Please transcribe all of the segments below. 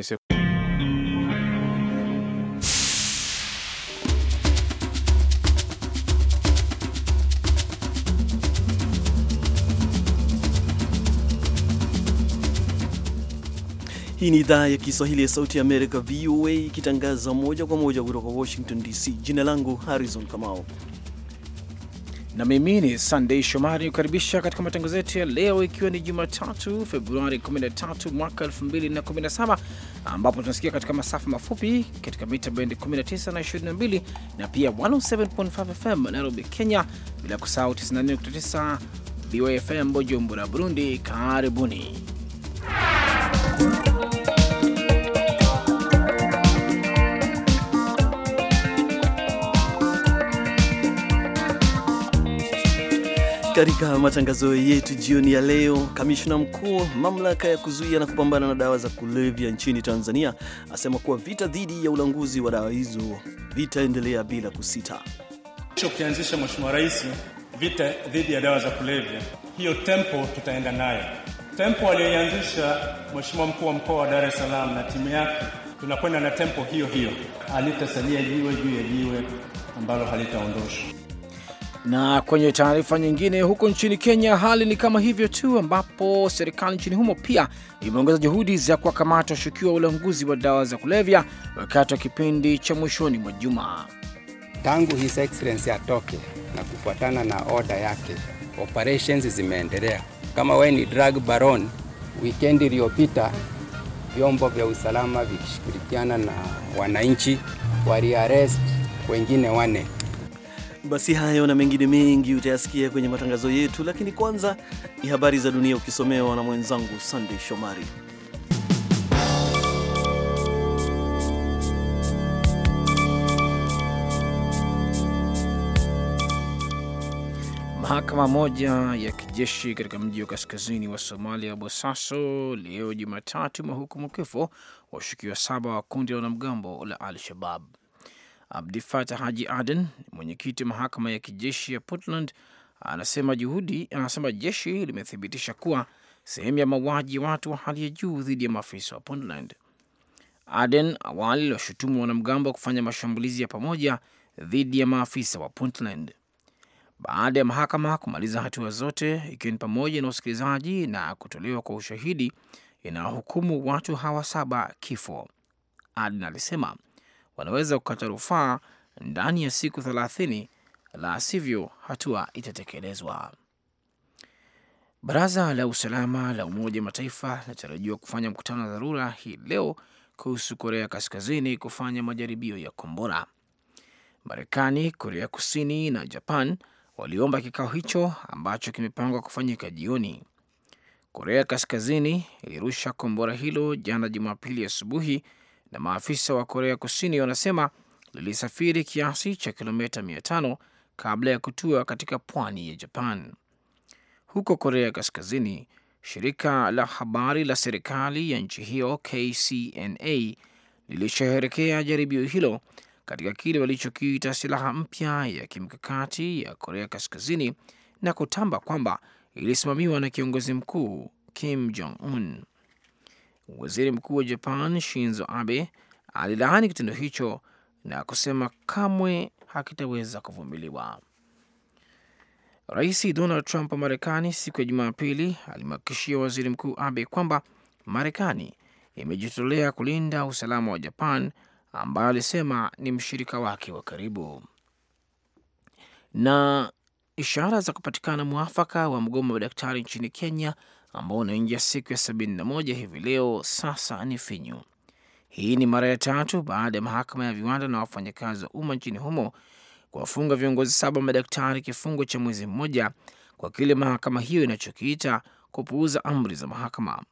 c'est Hii ni idhaa ya Kiswahili ya Sauti ya Amerika, VOA, ikitangaza moja kwa moja kutoka Washington DC. Jina langu Harrison Kamau na mimi ni Sandei Shomari kukaribisha katika matangazo yetu ya leo, ikiwa ni Jumatatu Februari 13 mwaka 2017, ambapo tunasikia katika masafa mafupi katika mita bendi 19 na 22 na pia 107.5 FM Nairobi, Kenya, bila kusahau 94.9 bfm Bujumbura, Burundi. Karibuni Katika matangazo yetu jioni ya leo, kamishna mkuu mamlaka ya kuzuia na kupambana na dawa za kulevya nchini Tanzania asema kuwa vita dhidi ya ulanguzi wa dawa hizo vitaendelea bila kusita. Ukianzisha Mheshimiwa Rais vita dhidi ya dawa za kulevya, hiyo tempo tutaenda nayo. Tempo aliyoianzisha Mheshimiwa mkuu wa mkoa wa Dar es Salaam na timu yake, tunakwenda na tempo hiyo hiyo, halitasalia jiwe juu ya jiwe ambalo halitaondoshwa. Na kwenye taarifa nyingine, huko nchini Kenya hali ni kama hivyo tu, ambapo serikali nchini humo pia imeongeza juhudi za kuwakamata washukiwa wa ulanguzi wa dawa za kulevya wakati wa kipindi cha mwishoni mwa juma. Tangu His Excellency atoke na kufuatana na oda yake, operations zimeendelea. Kama wewe ni drug baron, wikendi iliyopita vyombo vya usalama vikishirikiana na wananchi waliarrest wengine wane basi hayo na mengine mengi utayasikia kwenye matangazo yetu, lakini kwanza ni habari za dunia ukisomewa na mwenzangu Sandey Shomari. Mahakama moja ya kijeshi katika mji wa kaskazini wa Somalia, Bosaso, leo Jumatatu, imehukumu kifo washukiwa saba wa kundi la wanamgambo la Al-Shabab. Abdifata Haji Aden, mwenyekiti mahakama ya kijeshi ya Puntland, anasema juhudi, anasema jeshi limethibitisha kuwa sehemu ya mauaji ya watu wa hali ya juu dhidi ya maafisa wa Puntland. Aden awali aliwashutumu wanamgambo wa kufanya mashambulizi ya pamoja dhidi ya maafisa wa Puntland. Baada ya mahakama kumaliza hatua zote, ikiwa ni pamoja na usikilizaji na kutolewa kwa ushahidi inawahukumu watu hawa saba kifo, Aden alisema wanaweza kukata rufaa ndani ya siku thelathini, la sivyo hatua itatekelezwa. Baraza la usalama la Umoja wa Mataifa linatarajiwa kufanya mkutano wa dharura hii leo kuhusu Korea Kaskazini kufanya majaribio ya kombora. Marekani, Korea Kusini na Japan waliomba kikao hicho ambacho kimepangwa kufanyika jioni. Korea Kaskazini ilirusha kombora hilo jana Jumapili asubuhi na maafisa wa Korea Kusini wanasema lilisafiri kiasi cha kilomita 500 kabla ya kutua katika pwani ya Japan. Huko Korea Kaskazini, shirika la habari la serikali ya nchi hiyo KCNA lilisherehekea jaribio hilo katika kile walichokiita silaha mpya ya kimkakati ya Korea Kaskazini na kutamba kwamba ilisimamiwa na kiongozi mkuu Kim Jong Un. Waziri Mkuu wa Japan Shinzo Abe alilaani kitendo hicho na kusema kamwe hakitaweza kuvumiliwa. Rais Donald Trump wa Marekani siku ya Jumapili alimhakikishia waziri mkuu Abe kwamba Marekani imejitolea kulinda usalama wa Japan ambayo alisema ni mshirika wake wa karibu. Na ishara za kupatikana mwafaka wa mgomo wa madaktari nchini Kenya ambao unaingia siku ya na moja hivi leo sasa ni finyu. Hii ni mara ya tatu baada ya mahakama ya viwanda na wafanyakazi wa umma nchini humo kuwafunga viongozi saba madaktari kifungo cha mwezi mmoja kwa kile mahakama hiyo inachokiita kupuuza amri za mahakama.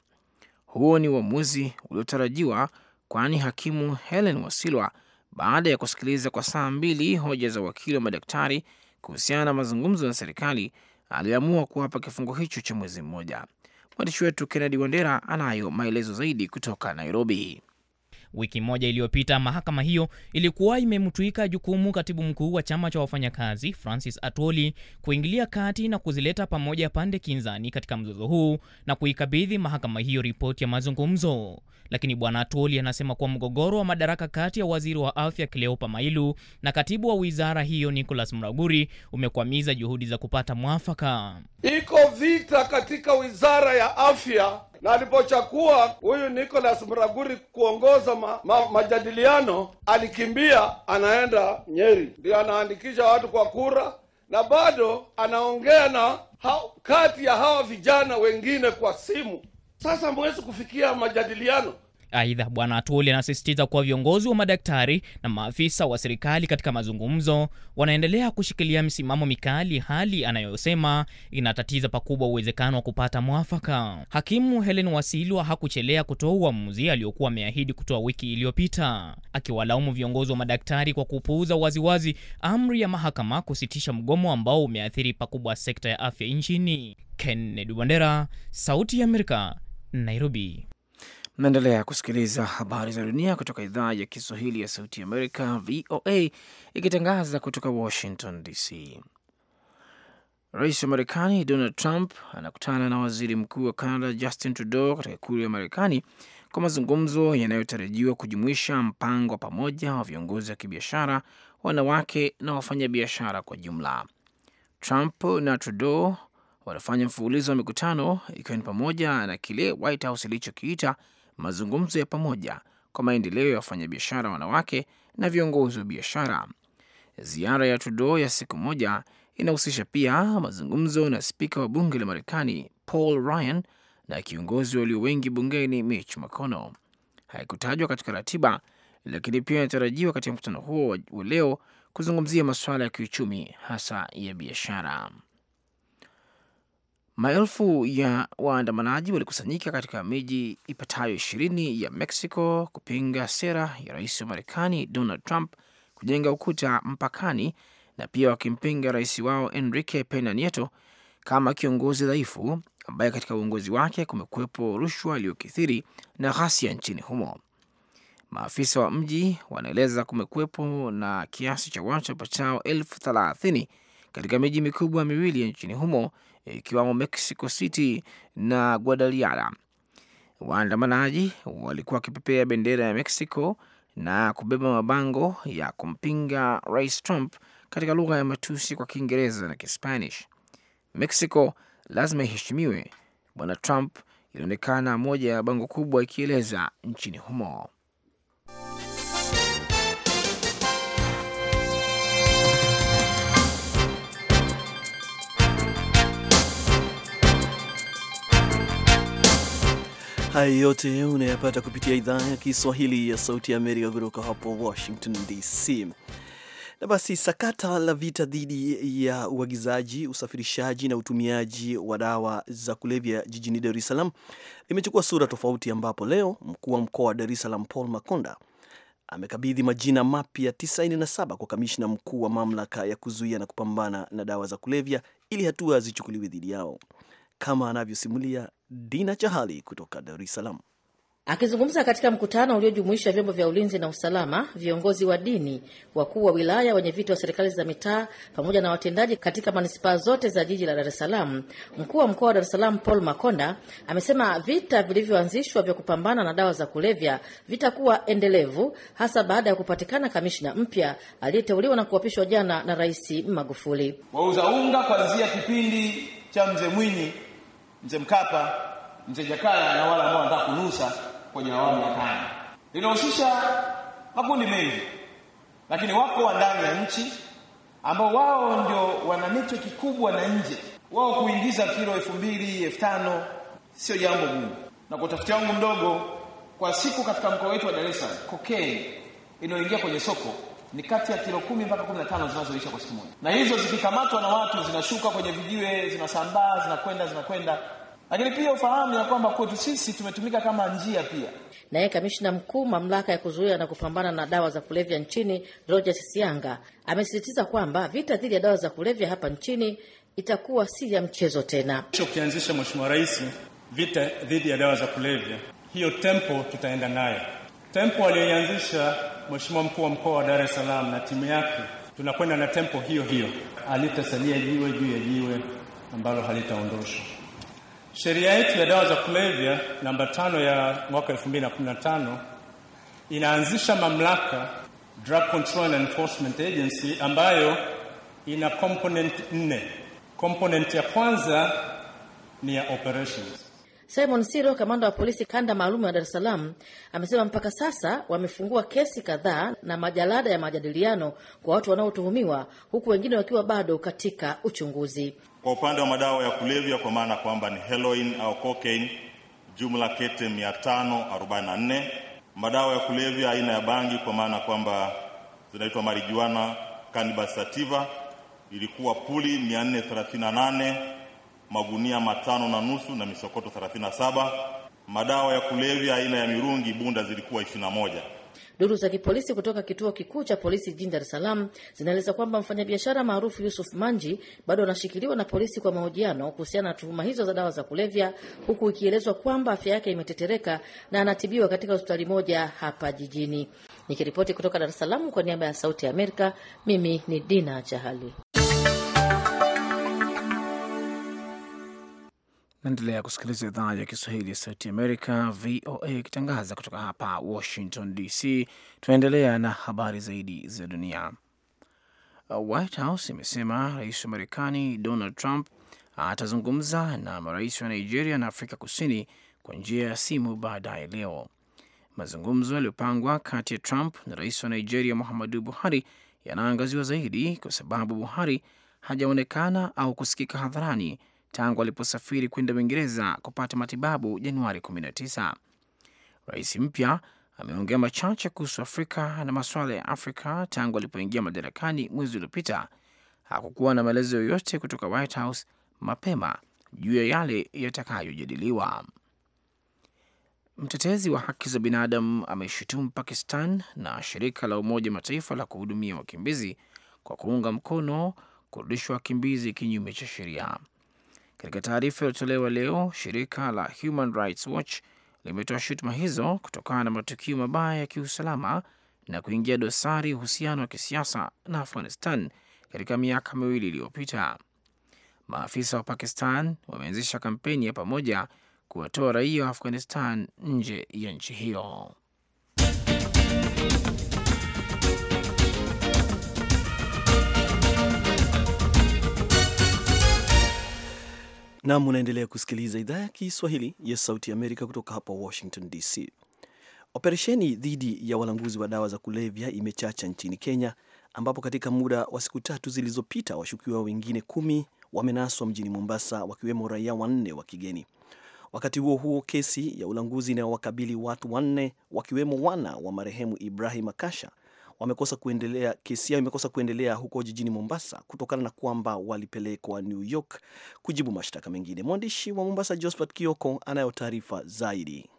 Huo ni uamuzi uliotarajiwa, kwani hakimu Helen Wasilwa, baada ya kusikiliza kwa saa mbili hoja za wakili wa madaktari kuhusiana na mazungumzo na serikali, aliamua kuwapa kifungo hicho cha mwezi mmoja. Mwandishi wetu Kennedy Wandera anayo maelezo zaidi kutoka Nairobi. Wiki moja iliyopita, mahakama hiyo ilikuwa imemtuika jukumu katibu mkuu wa chama cha wafanyakazi Francis Atwoli kuingilia kati na kuzileta pamoja pande kinzani katika mzozo huu na kuikabidhi mahakama hiyo ripoti ya mazungumzo. Lakini bwana Atwoli anasema kuwa mgogoro wa madaraka kati ya waziri wa afya Cleopa Mailu na katibu wa wizara hiyo Nicholas Mraguri umekwamiza juhudi za kupata mwafaka. Iko vita katika wizara ya afya na alipochakua huyu Nicholas Mraguri kuongoza ma, ma, majadiliano, alikimbia anaenda Nyeri, ndio anaandikisha watu kwa kura, na bado anaongea na ha, kati ya hawa vijana wengine kwa simu. Sasa mwezi kufikia majadiliano Aidha, Bwana atoli anasisitiza kuwa viongozi wa madaktari na maafisa wa serikali katika mazungumzo wanaendelea kushikilia msimamo mikali, hali anayosema inatatiza pakubwa uwezekano wa kupata mwafaka. Hakimu Helen Wasilwa hakuchelea kutoa uamuzi aliokuwa ameahidi kutoa wiki iliyopita, akiwalaumu viongozi wa madaktari kwa kupuuza waziwazi amri ya mahakama kusitisha mgomo ambao umeathiri pakubwa sekta ya afya nchini. Kennedy Wandera, Sauti ya Amerika, Nairobi. Naendelea kusikiliza habari za dunia kutoka idhaa ya Kiswahili ya Sauti Amerika, VOA, ikitangaza kutoka Washington DC. Rais wa Marekani Donald Trump anakutana na waziri mkuu wa Canada Justin Trudeau katika ikulu ya Marekani kwa mazungumzo yanayotarajiwa kujumuisha mpango wa pamoja wa viongozi wa kibiashara, wanawake na wafanyabiashara kwa jumla. Trump na Trudeau wanafanya mfululizo wa mikutano ikiwa ni pamoja na kile White House ilichokiita mazungumzo ya pamoja kwa maendeleo ya wafanyabiashara wanawake na viongozi wa biashara. Ziara ya Trudeau ya siku moja inahusisha pia mazungumzo na spika wa bunge la Marekani Paul Ryan na kiongozi walio wengi bungeni Mitch McConnell. Haikutajwa katika ratiba, lakini pia inatarajiwa katika mkutano huo wa leo kuzungumzia masuala ya kiuchumi, hasa ya biashara. Maelfu ya waandamanaji walikusanyika katika miji ipatayo ishirini ya Mexico kupinga sera ya rais wa Marekani Donald Trump kujenga ukuta mpakani na pia wakimpinga rais wao Enrique Pena Nieto kama kiongozi dhaifu ambaye katika uongozi wake kumekuwepo rushwa iliyokithiri na ghasia nchini humo. Maafisa wa mji wanaeleza kumekuwepo na kiasi cha watu wapatao elfu thelathini katika miji mikubwa miwili ya nchini humo Eh, ikiwamo Mexico City na Guadalajara. Waandamanaji walikuwa wakipepea bendera ya Mexico na kubeba mabango ya kumpinga Rais Trump katika lugha ya matusi kwa Kiingereza na Kispanish. Mexico lazima iheshimiwe, Bwana Trump ilionekana moja ya bango kubwa ikieleza nchini humo. Hayo yote unayapata kupitia idhaa ya Kiswahili ya Sauti ya Amerika kutoka hapo Washington DC. Na basi sakata la vita dhidi ya uagizaji, usafirishaji na utumiaji wa dawa za kulevya jijini Dar es Salaam limechukua sura tofauti, ambapo leo mkuu wa mkoa wa Dar es Salaam Paul Makonda amekabidhi majina mapya 97 kwa kamishna mkuu wa mamlaka ya kuzuia na kupambana na dawa za kulevya ili hatua zichukuliwe dhidi yao, kama anavyosimulia Dina Chahali kutoka Dar es Salaam. Akizungumza katika mkutano uliojumuisha vyombo vya ulinzi na usalama, viongozi wa dini, wakuu wa wilaya, wenye viti wa serikali za mitaa pamoja na watendaji katika manispaa zote za jiji la Dar es Salaam, mkuu wa mkoa wa Dar es Salaam Paul Makonda amesema vita vilivyoanzishwa vya kupambana na dawa za kulevya vitakuwa endelevu, hasa baada ya kupatikana kamishna mpya aliyeteuliwa na kuapishwa jana na Rais Magufuli. Wauza unga kuanzia kipindi cha mzee Mwinyi mzee Mkapa, mzee Jakaya na wale ambao wanataka kunusa kwenye awamu ya tano. Linahusisha makundi mengi, lakini wako wa ndani ya nchi ambao wao ndio wana nicho kikubwa na nje. Wao kuingiza kilo elfu mbili elfu tano sio jambo gumu, na kwa utafiti wangu mdogo, kwa siku katika mkoa wetu wa Dar es Salaam, kokeni inayoingia kwenye soko ni kati ya kilo kumi mpaka kumi na tano kwa siku moja, na hizo zikikamatwa na watu zinashuka kwenye vijiwe, zinasambaa, zinakwenda zinakwenda lakini pia ufahamu ya kwamba kwetu sisi tumetumika kama njia pia. Naye kamishna mkuu mamlaka ya kuzuia na kupambana na dawa za kulevya nchini Roger Sisianga amesisitiza kwamba vita dhidi ya dawa za kulevya hapa nchini itakuwa si ya mchezo tena. Ukianzisha Mheshimiwa Rais vita dhidi ya dawa za kulevya, hiyo tempo tutaenda nayo, tempo aliyoianzisha Mheshimiwa mkuu wa mkoa wa Dar es Salaam na timu yake tunakwenda na tempo hiyo hiyo, alitasalia jiwe juu ya jiwe ambalo halitaondoshwa. Sheria yetu ya dawa za kulevya namba tano ya mwaka 2015 inaanzisha mamlaka Drug Control and Enforcement Agency ambayo ina component nne. Component ya kwanza ni ya operations Simon Siro, kamanda wa polisi kanda maalum ya Dar es Salaam, amesema mpaka sasa wamefungua kesi kadhaa na majalada ya majadiliano kwa watu wanaotuhumiwa, huku wengine wakiwa bado katika uchunguzi. Kwa upande wa madawa ya kulevya, kwa maana kwamba ni heroin au cocaine, jumla kete 544 madawa ya kulevya aina ya bangi, kwa maana kwamba zinaitwa marijuana cannabis sativa, ilikuwa puli 438 magunia matano na nusu na misokoto 37. Madawa ya kulevya aina ya mirungi bunda zilikuwa 21. Duru za kipolisi kutoka kituo kikuu cha polisi jijini Dar es Salaam zinaeleza kwamba mfanyabiashara maarufu Yusuf Manji bado anashikiliwa na polisi kwa mahojiano kuhusiana na tuhuma hizo za dawa za kulevya, huku ikielezwa kwamba afya yake imetetereka na anatibiwa katika hospitali moja hapa jijini. Nikiripoti kutoka Dar es Salaam kwa niaba ya Sauti ya Amerika, mimi ni Dina Chahali. Naendelea kusikiliza idhaa ya Kiswahili ya Sauti Amerika, VOA, ikitangaza kutoka hapa Washington DC. Tunaendelea na habari zaidi za dunia. White House imesema rais wa Marekani Donald Trump atazungumza na marais wa Nigeria na Afrika Kusini kwa njia ya simu baadaye leo. Mazungumzo yaliyopangwa kati ya Trump na rais wa Nigeria Muhammadu Buhari yanaangaziwa zaidi kwa sababu Buhari hajaonekana au kusikika hadharani tangu aliposafiri kwenda Uingereza kupata matibabu Januari 19. Rais mpya ameongea machache kuhusu Afrika na masuala ya Afrika tangu alipoingia madarakani mwezi uliopita. Hakukuwa na maelezo yoyote kutoka White House mapema juu ya yale yatakayojadiliwa. Mtetezi wa haki za binadamu ameshutumu Pakistan na shirika la Umoja Mataifa la kuhudumia wakimbizi kwa kuunga mkono kurudishwa wakimbizi kinyume cha sheria. Katika taarifa iliyotolewa leo, shirika la Human Rights Watch limetoa shutuma hizo kutokana na matukio mabaya ya kiusalama na kuingia dosari uhusiano wa kisiasa na Afghanistan katika miaka miwili iliyopita. Maafisa wa Pakistan wameanzisha kampeni ya pamoja kuwatoa raia wa Afghanistan nje ya nchi hiyo. Nam, unaendelea kusikiliza idhaa ya Kiswahili ya Sauti ya Amerika kutoka hapa Washington DC. Operesheni dhidi ya walanguzi wa dawa za kulevya imechacha nchini Kenya, ambapo katika muda wa siku tatu zilizopita washukiwa wengine kumi wamenaswa mjini Mombasa, wakiwemo raia wanne wa kigeni. Wakati huo huo, kesi ya ulanguzi inayowakabili watu wanne wakiwemo wana wa marehemu Ibrahim Akasha wamekosa kuendelea, kesi yao imekosa kuendelea huko jijini Mombasa kutokana na kwamba walipelekwa New York kujibu mashtaka mengine. Mwandishi wa Mombasa Josephat Kioko anayo taarifa zaidi.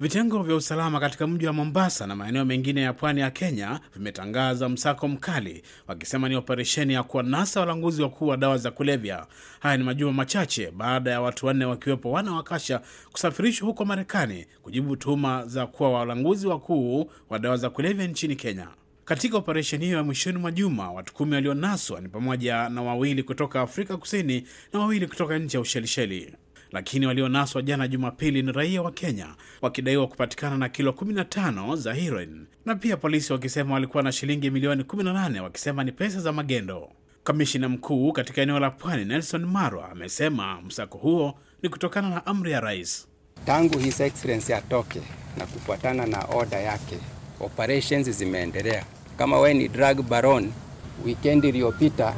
Vitengo vya usalama katika mji wa Mombasa na maeneo mengine ya pwani ya Kenya vimetangaza msako mkali, wakisema ni operesheni ya kuwanasa walanguzi wakuu wa dawa za kulevya. Haya ni majuma machache baada ya watu wanne wakiwepo wana wa Kasha kusafirishwa huko Marekani kujibu tuhuma za kuwa walanguzi wakuu wa dawa za kulevya nchini Kenya. Katika operesheni hiyo ya mwishoni mwa juma, watu kumi walionaswa ni pamoja na wawili kutoka Afrika Kusini na wawili kutoka nchi ya Ushelisheli lakini walionaswa jana Jumapili ni raia wa Kenya wakidaiwa kupatikana na kilo 15 za heroin, na pia polisi wakisema walikuwa na shilingi milioni 18 wakisema ni pesa za magendo. Kamishina mkuu katika eneo la Pwani Nelson Marwa amesema msako huo ni kutokana na amri ya rais tangu His Excellency atoke na kufuatana na oda yake. Operations zimeendelea. Kama we ni drug baron, wikendi iliyopita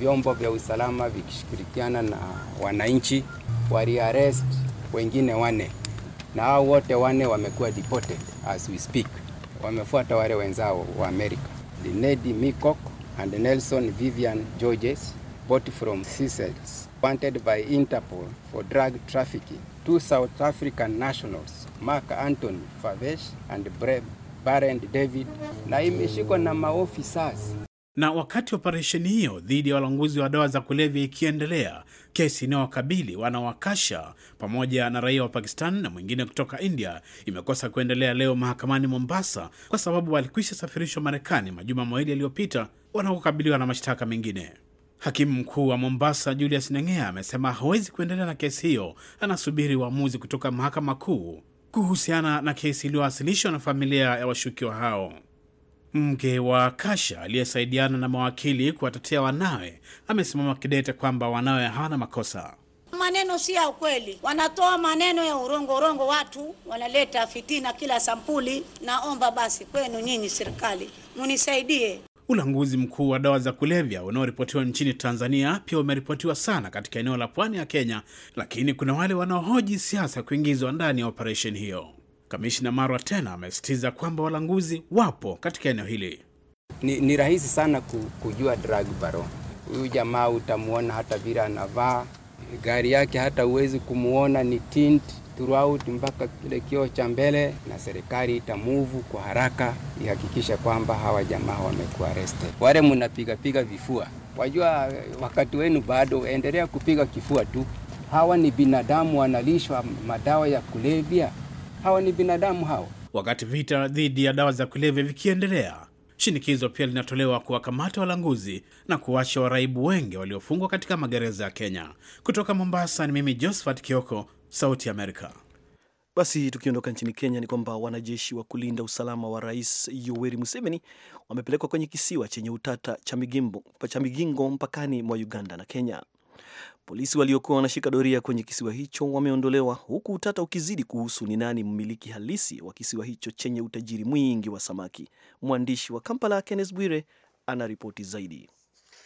vyombo vya usalama vikishirikiana na wananchi waliarrest wengine wane, na hao wote wane wamekuwa deported as we speak. Wamefuata wale wenzao wa Amerika, Linedi Mikok and Nelson Vivian Georges, both from Seychelles, wanted by Interpol for drug trafficking. Two South African nationals, Mark Anton Favesh and Brave Barend David, na imeshikwa na maofisas na wakati operesheni hiyo dhidi ya walanguzi wa dawa za kulevya ikiendelea, kesi inayowakabili wanawakasha pamoja na raia wa Pakistan na mwingine kutoka India imekosa kuendelea leo mahakamani Mombasa, kwa sababu walikwisha safirishwa Marekani majuma mawili yaliyopita wanakokabiliwa na mashtaka mengine. Hakimu mkuu wa Mombasa Julius Neng'ea amesema hawezi kuendelea na kesi hiyo, anasubiri uamuzi kutoka mahakama kuu kuhusiana na kesi iliyowasilishwa na familia ya washukiwa hao. Mke wa Kasha aliyesaidiana na mawakili kuwatetea wanawe amesimama kidete kwamba wanawe hawana makosa. Maneno si ya ukweli, wanatoa maneno ya urongo urongo, watu wanaleta fitina kila sampuli. Naomba basi kwenu nyinyi serikali munisaidie. Ulanguzi mkuu wa dawa za kulevya unaoripotiwa nchini Tanzania pia umeripotiwa sana katika eneo la pwani ya Kenya, lakini kuna wale wanaohoji siasa kuingizwa ndani ya operesheni hiyo. Kamishna Marwa tena amesitiza kwamba walanguzi wapo katika eneo hili. Ni, ni rahisi sana kujua drug baron. Huyu jamaa utamwona hata vile anavaa gari yake, hata huwezi kumwona ni tint throughout mpaka kile kioo cha mbele, na serikali itamuvu kwa haraka ihakikisha kwamba hawa jamaa wamekuwa arrested. Wale munapigapiga vifua, wajua wakati wenu bado, endelea kupiga kifua tu. Hawa ni binadamu wanalishwa madawa ya kulevya hawa ni binadamu hawa. Wakati vita dhidi ya dawa za kulevya vikiendelea, shinikizo pia linatolewa kuwakamata walanguzi na kuwacha waraibu wengi waliofungwa katika magereza ya Kenya. Kutoka Mombasa ni mimi Josephat Kioko, Sauti Amerika. Basi tukiondoka nchini Kenya ni kwamba wanajeshi wa kulinda usalama wa Rais Yoweri Museveni wamepelekwa kwenye kisiwa chenye utata cha Migingo mpakani mwa Uganda na Kenya. Polisi waliokuwa wanashika doria kwenye kisiwa hicho wameondolewa, huku utata ukizidi kuhusu ni nani mmiliki halisi wa kisiwa hicho chenye utajiri mwingi wa samaki. Mwandishi wa Kampala Kenneth Bwire anaripoti zaidi.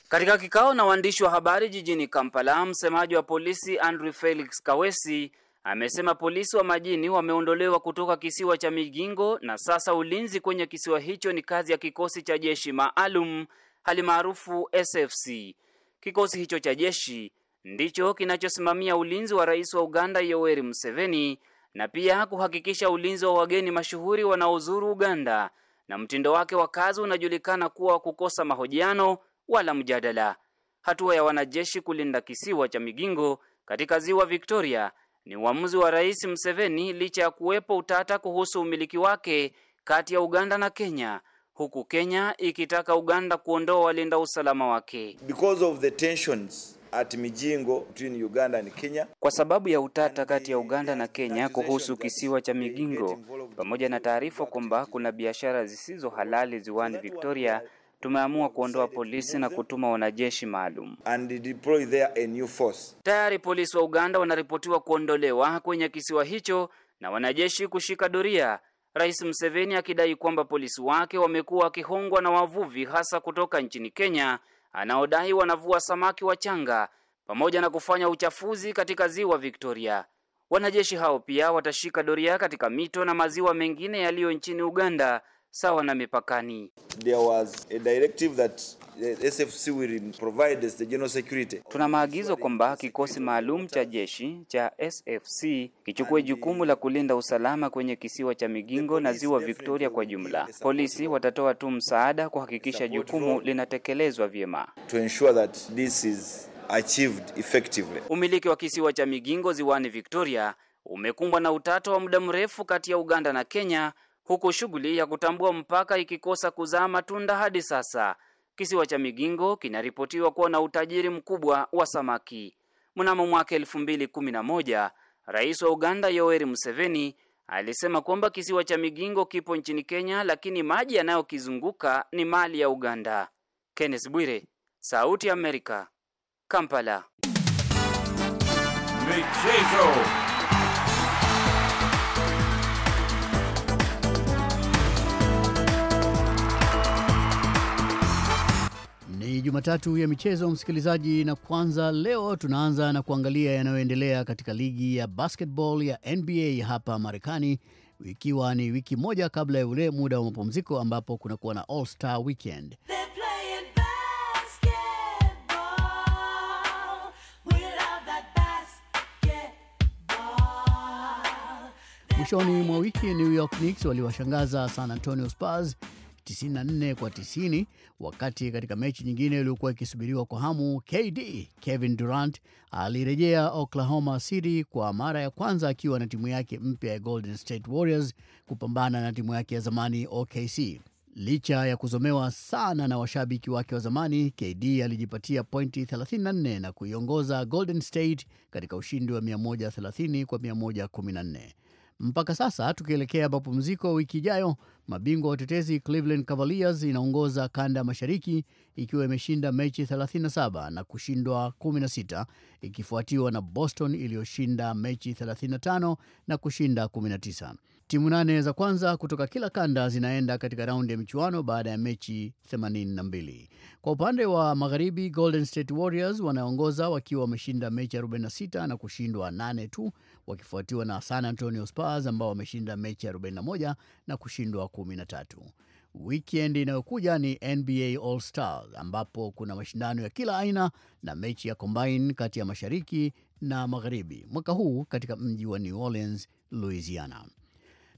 Katika kikao na waandishi wa habari jijini Kampala, msemaji wa polisi Andrew Felix Kawesi amesema polisi wa majini wameondolewa kutoka kisiwa cha Migingo na sasa ulinzi kwenye kisiwa hicho ni kazi ya kikosi cha jeshi maalum hali maarufu SFC. Kikosi hicho cha jeshi ndicho kinachosimamia ulinzi wa rais wa Uganda Yoweri Museveni na pia kuhakikisha ulinzi wa wageni mashuhuri wanaozuru Uganda, na mtindo wake wa kazi unajulikana kuwa kukosa mahojiano wala mjadala. Hatua ya wanajeshi kulinda kisiwa cha Migingo katika ziwa Victoria ni uamuzi wa Rais Museveni licha ya kuwepo utata kuhusu umiliki wake kati ya Uganda na Kenya, huku Kenya ikitaka Uganda kuondoa walinda usalama wake because of the tensions ati Mijingo between Uganda and Kenya. Kwa sababu ya utata kati ya Uganda na Kenya kuhusu kisiwa cha Migingo pamoja na taarifa kwamba kuna biashara zisizo halali ziwani Victoria, tumeamua kuondoa polisi na kutuma wanajeshi maalum. Tayari polisi wa Uganda wanaripotiwa kuondolewa kwenye kisiwa hicho na wanajeshi kushika doria. Rais Museveni akidai kwamba polisi wake wamekuwa wakihongwa na wavuvi hasa kutoka nchini Kenya anaodai wanavua samaki wachanga pamoja na kufanya uchafuzi katika ziwa Victoria. Wanajeshi hao pia watashika doria katika mito na maziwa mengine yaliyo nchini Uganda sawa na mipakani. There was a directive that SFC will provide the general security. Tuna maagizo kwamba kikosi maalum cha jeshi cha SFC kichukue jukumu la kulinda usalama kwenye kisiwa cha Migingo na ziwa Victoria kwa jumla. Polisi watatoa tu msaada kuhakikisha jukumu linatekelezwa vyema. To ensure that this is achieved effectively. Umiliki wa kisiwa cha Migingo ziwani Victoria umekumbwa na utata wa muda mrefu kati ya Uganda na Kenya huku shughuli ya kutambua mpaka ikikosa kuzaa matunda hadi sasa. Kisiwa cha Migingo kinaripotiwa kuwa na utajiri mkubwa wa samaki. Mnamo mwaka 2011, Rais wa Uganda Yoweri Museveni alisema kwamba kisiwa cha Migingo kipo nchini Kenya lakini maji yanayokizunguka ni mali ya Uganda. Kenneth Bwire, Sauti ya Amerika, Kampala. Michezo. Jumatatu ya michezo, msikilizaji, na kwanza leo tunaanza na kuangalia yanayoendelea katika ligi ya basketball ya NBA hapa Marekani, ikiwa ni wiki moja kabla ya ule muda wa mapumziko ambapo kunakuwa na All Star Weekend. Mwishoni mwa wiki New York Knicks waliwashangaza San Antonio Spurs 94 kwa 90, wakati katika mechi nyingine iliyokuwa ikisubiriwa kwa hamu, KD Kevin Durant alirejea Oklahoma City kwa mara ya kwanza akiwa na timu yake mpya ya Golden State Warriors kupambana na timu yake ya zamani OKC. Licha ya kuzomewa sana na washabiki wake wa zamani, KD alijipatia pointi 34 na kuiongoza Golden State katika ushindi wa 130 kwa 114. Mpaka sasa tukielekea mapumziko wiki ijayo, mabingwa watetezi Cleveland Cavaliers inaongoza kanda ya mashariki ikiwa imeshinda mechi 37 na kushindwa 16, ikifuatiwa na Boston iliyoshinda mechi 35 na kushinda 19. Timu nane za kwanza kutoka kila kanda zinaenda katika raundi ya michuano baada ya mechi 82. Kwa upande wa magharibi, Golden State Warriors wanaongoza wakiwa wameshinda mechi 46 na kushindwa 8 tu, wakifuatiwa na San Antonio Spurs ambao wameshinda mechi 41 na kushindwa 13. Wikendi inayokuja ni NBA All Stars ambapo kuna mashindano ya kila aina na mechi ya combine kati ya mashariki na magharibi, mwaka huu katika mji wa New Orleans, Louisiana.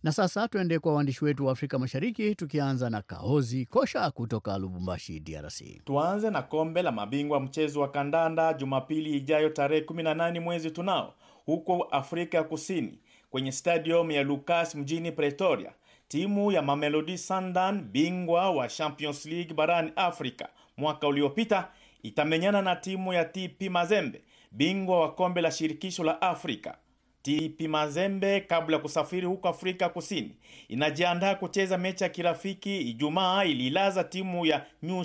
Na sasa tuende kwa waandishi wetu wa Afrika Mashariki, tukianza na Kaozi Kosha kutoka Lubumbashi, DRC. Tuanze na kombe la mabingwa mchezo wa kandanda Jumapili ijayo tarehe 18 mwezi tunao, huko Afrika ya Kusini, kwenye stadium ya Lukas mjini Pretoria. Timu ya Mamelodi sandan bingwa wa Champions League barani Afrika mwaka uliopita, itamenyana na timu ya TP Mazembe, bingwa wa kombe la shirikisho la Afrika. TP Mazembe kabla ya kusafiri huko Afrika Kusini inajiandaa kucheza mechi ya kirafiki Ijumaa. Ililaza timu ya New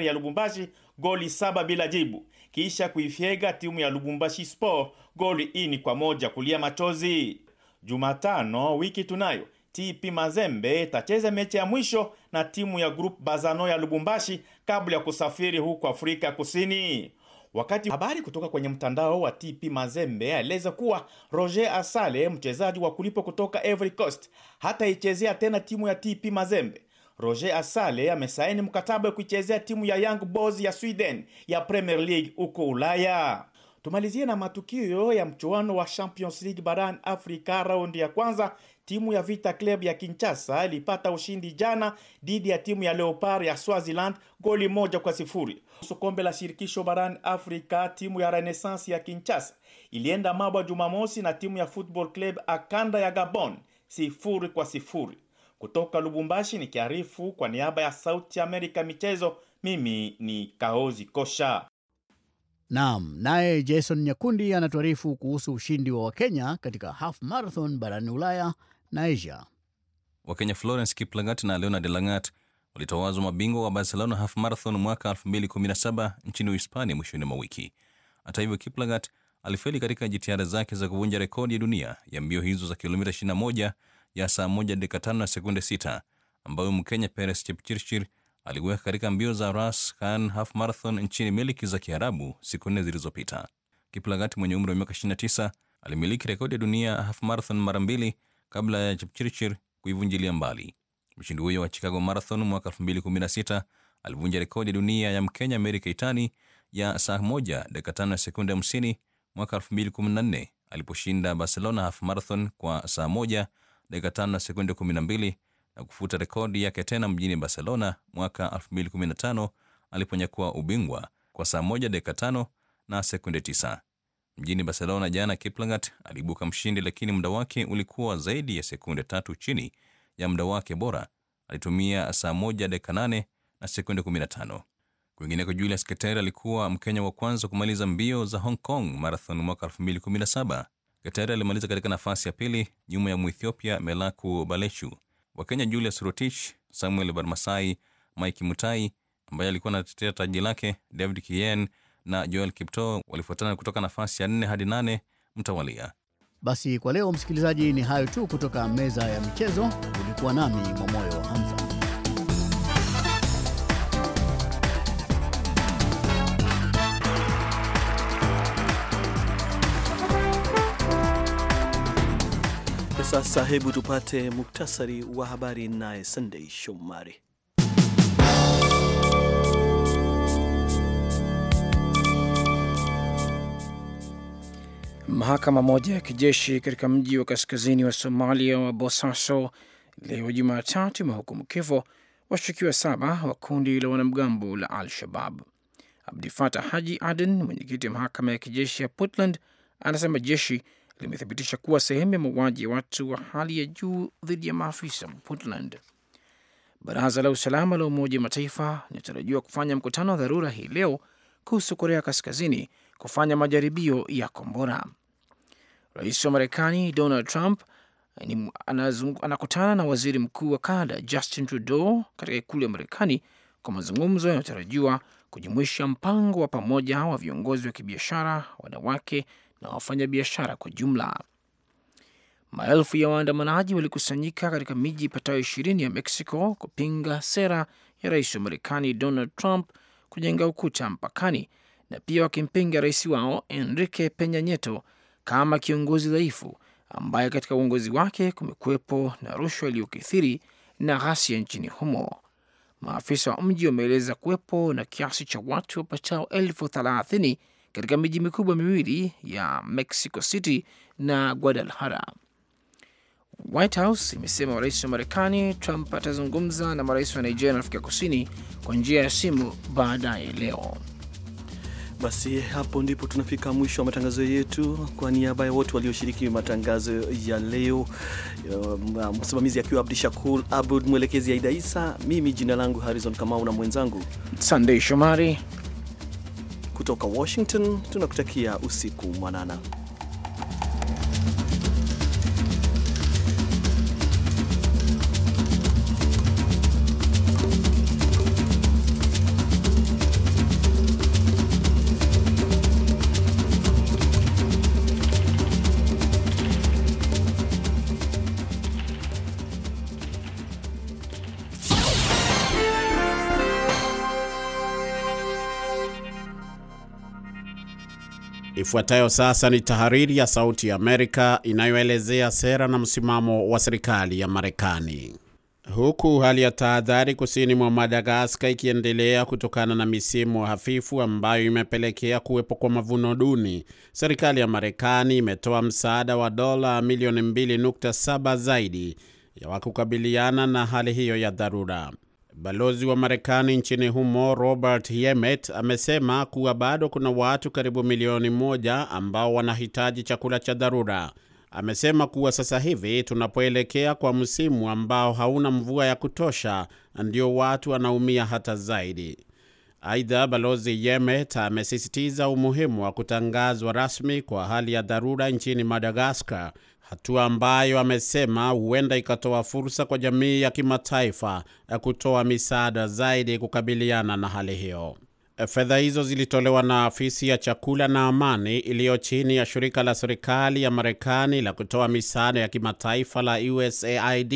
ya Lubumbashi goli saba bila jibu kisha kuifyega timu ya Lubumbashi Sport goli ini kwa moja. Kulia machozi. Jumatano wiki tunayo TP Mazembe itacheza mechi ya mwisho na timu ya grup Bazano ya Lubumbashi kabla ya kusafiri huko Afrika Kusini. Wakati habari kutoka kwenye mtandao wa TP Mazembe aeleza kuwa Roger Asale, mchezaji wa kulipo kutoka every Coast, hataichezea tena timu ya TP Mazembe. Roger Asale amesaini mkataba wa kuichezea timu ya Young bos ya Sweden ya Premier League huko Ulaya. Tumalizie na matukio ya mchuano wa Champions League barani africa raundi ya kwanza timu ya Vita Club ya Kinshasa ilipata ushindi jana dhidi ya timu ya Leopard ya Swaziland goli moja kwa sifuri. Kombe la shirikisho barani Afrika, timu ya Renaissance ya Kinshasa ilienda mabwa Jumamosi na timu ya Football Club Akanda ya Gabon sifuri kwa sifuri. Kutoka Lubumbashi kiarifu kwa niaba ya Sauti Amerika michezo, mimi ni Kaozi Kosha. Naam, naye Jason Nyakundi anatuarifu kuhusu ushindi wa Wakenya katika half marathon barani Ulaya na Asia. Wakenya Florence Kiplagat na Leonard Langat walitawazwa mabingwa wa Barcelona Half Marathon mwaka 2017 nchini Uhispania mwishoni mwa wiki. Hata hivyo, Kiplagat alifeli katika jitihada zake za kuvunja rekodi ya dunia ya mbio hizo za kilomita 21 ya saa moja dakika tano na sekunde 6 ambayo Mkenya Peres Jepchirchir aliweka katika mbio za Ras Khan Half Marathon nchini miliki za Kiarabu siku nne zilizopita. Kiplagat mwenye umri wa miaka 29 alimiliki rekodi ya dunia half marathon mara mbili kabla ya Chipchirchir kuivunjilia mbali. Mshindi huyo wa Chicago Marathon mwaka 2016 alivunja rekodi ya dunia ya Mkenya Mary Keitany ya saa 1 dakika 5 sekunde 50 mwaka 2014 aliposhinda Barcelona Half Marathon kwa saa 1 dakika 5 sekunde 12 na kufuta rekodi yake tena mjini Barcelona mwaka 2015 aliponyakua ubingwa kwa saa 1 dakika 5 na sekunde 9. Mjini Barcelona jana, Kiplagat aliibuka mshindi, lakini muda wake ulikuwa zaidi ya sekunde tatu chini ya muda wake bora. Alitumia saa moja dakika nane na sekunde 15. Kwingineko, Julius Keter alikuwa Mkenya wa kwanza kumaliza mbio za Hong Kong Marathon mwaka 2017. Keter alimaliza katika nafasi ya pili nyuma ya muethiopia Melaku Balechu. Wakenya Julius Rotich, Samuel Barmasai, Mike Mutai ambaye alikuwa anatetea taji lake, David Kien na Joel Kipto walifuatana kutoka nafasi ya nne hadi nane mtawalia. Basi kwa leo, msikilizaji, ni hayo tu kutoka meza ya michezo. Ulikuwa nami Mwamoyo Hamza. Sasa hebu tupate muktasari wa habari, naye Sunday Shomari. Mahakama moja ya kijeshi katika mji wa kaskazini wa Somalia wa Bosaso leo Jumatatu imehukumu kifo washukiwa saba wa kundi la wanamgambo la Al-Shabab. Abdi Fatah Haji Aden, mwenyekiti wa mahakama ya kijeshi ya Puntland, anasema jeshi limethibitisha kuwa sehemu ya mauaji ya watu wa hali ya juu dhidi ya maafisa wa Puntland. Baraza la usalama la Umoja wa Mataifa linatarajiwa kufanya mkutano wa dharura hii leo kuhusu Korea Kaskazini kufanya majaribio ya kombora. Rais wa Marekani Donald Trump anakutana na waziri mkuu wa Kanada Justin Trudeau katika ikulu ya Marekani kwa mazungumzo yanayotarajiwa kujumuisha mpango wa pamoja wa viongozi wa kibiashara, wanawake na wafanyabiashara kwa jumla. Maelfu ya waandamanaji walikusanyika katika miji ipatayo ishirini ya Mexico kupinga sera ya rais wa Marekani Donald Trump kujenga ukuta mpakani na pia wakimpinga rais wao Enrique Penya Nieto kama kiongozi dhaifu ambaye katika uongozi wake kumekuwepo na rushwa iliyokithiri na ghasia nchini humo. Maafisa wa mji wameeleza kuwepo na kiasi cha watu wapatao elfu thelathini katika miji mikubwa miwili ya Mexico City na Guadalajara. White House imesema rais wa Marekani Trump atazungumza na marais wa Nigeria na Afrika Kusini kwa njia ya simu baadaye leo. Basi hapo ndipo tunafika mwisho wa matangazo yetu. Kwa niaba ya wote walioshiriki matangazo ya leo, um, msimamizi akiwa Abdi Shakur Abud, mwelekezi Aida Isa, mimi jina langu Harrison Kamau na mwenzangu Sandei Shomari kutoka Washington tunakutakia usiku mwanana. Ifuatayo sasa ni tahariri ya Sauti ya Amerika inayoelezea sera na msimamo wa serikali ya Marekani. Huku hali ya tahadhari kusini mwa Madagaskar ikiendelea kutokana na misimu hafifu ambayo imepelekea kuwepo kwa mavuno duni, serikali ya Marekani imetoa msaada wa dola milioni 2.7 zaidi ya wa kukabiliana na hali hiyo ya dharura. Balozi wa Marekani nchini humo Robert Yemet amesema kuwa bado kuna watu karibu milioni moja ambao wanahitaji chakula cha dharura. Amesema kuwa sasa hivi tunapoelekea kwa msimu ambao hauna mvua ya kutosha, ndio watu wanaumia hata zaidi. Aidha, balozi Yemet amesisitiza umuhimu wa kutangazwa rasmi kwa hali ya dharura nchini Madagaskar hatua ambayo amesema huenda ikatoa fursa kwa jamii ya kimataifa ya kutoa misaada zaidi kukabiliana na hali hiyo. Fedha hizo zilitolewa na afisi ya chakula na amani iliyo chini ya shirika la serikali ya Marekani la kutoa misaada ya kimataifa la USAID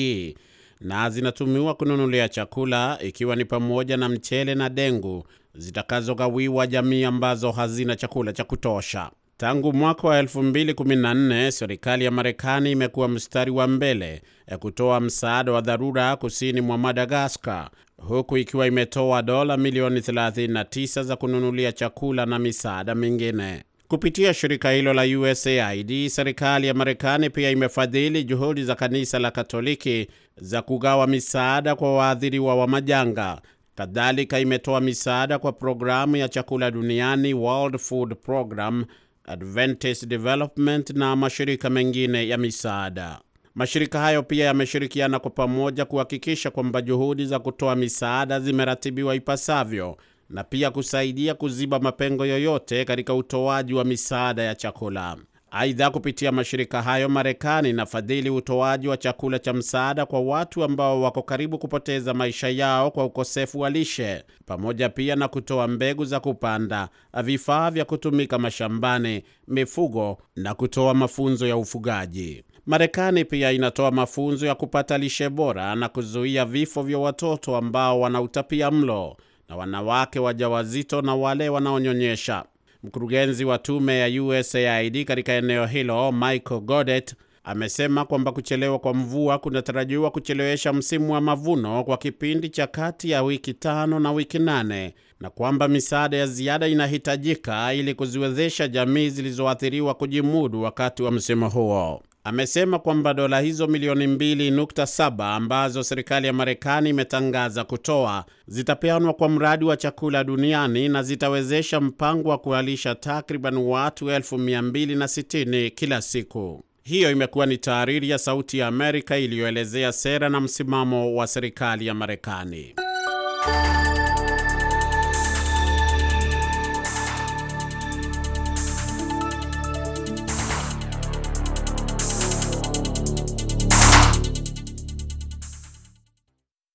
na zinatumiwa kununulia chakula ikiwa ni pamoja na mchele na dengu zitakazogawiwa jamii ambazo hazina chakula cha kutosha. Tangu mwaka wa 2014 serikali ya Marekani imekuwa mstari wa mbele ya kutoa msaada wa dharura kusini mwa Madagaskar, huku ikiwa imetoa dola milioni 39 za kununulia chakula na misaada mingine kupitia shirika hilo la USAID. Serikali ya Marekani pia imefadhili juhudi za kanisa la Katoliki za kugawa misaada kwa waathiriwa wa majanga. Kadhalika imetoa misaada kwa programu ya chakula duniani World Food Program Adventist Development na mashirika mengine ya misaada. Mashirika hayo pia yameshirikiana kwa pamoja kuhakikisha kwamba juhudi za kutoa misaada zimeratibiwa ipasavyo na pia kusaidia kuziba mapengo yoyote katika utoaji wa misaada ya chakula. Aidha, kupitia mashirika hayo, Marekani inafadhili utoaji wa chakula cha msaada kwa watu ambao wako karibu kupoteza maisha yao kwa ukosefu wa lishe, pamoja pia na kutoa mbegu za kupanda, vifaa vya kutumika mashambani, mifugo na kutoa mafunzo ya ufugaji. Marekani pia inatoa mafunzo ya kupata lishe bora na kuzuia vifo vya watoto ambao wanautapia mlo na wanawake wajawazito na wale wanaonyonyesha. Mkurugenzi wa tume ya USAID katika eneo hilo Michael Godet amesema kwamba kuchelewa kwa mvua kunatarajiwa kuchelewesha msimu wa mavuno kwa kipindi cha kati ya wiki tano na wiki nane na kwamba misaada ya ziada inahitajika ili kuziwezesha jamii zilizoathiriwa kujimudu wakati wa msimu huo amesema kwamba dola hizo milioni 2.7 ambazo serikali ya Marekani imetangaza kutoa zitapeanwa kwa mradi wa chakula duniani na zitawezesha mpango wa kuhalisha takriban watu 260 kila siku. Hiyo imekuwa ni tahariri ya Sauti ya Amerika iliyoelezea sera na msimamo wa serikali ya Marekani.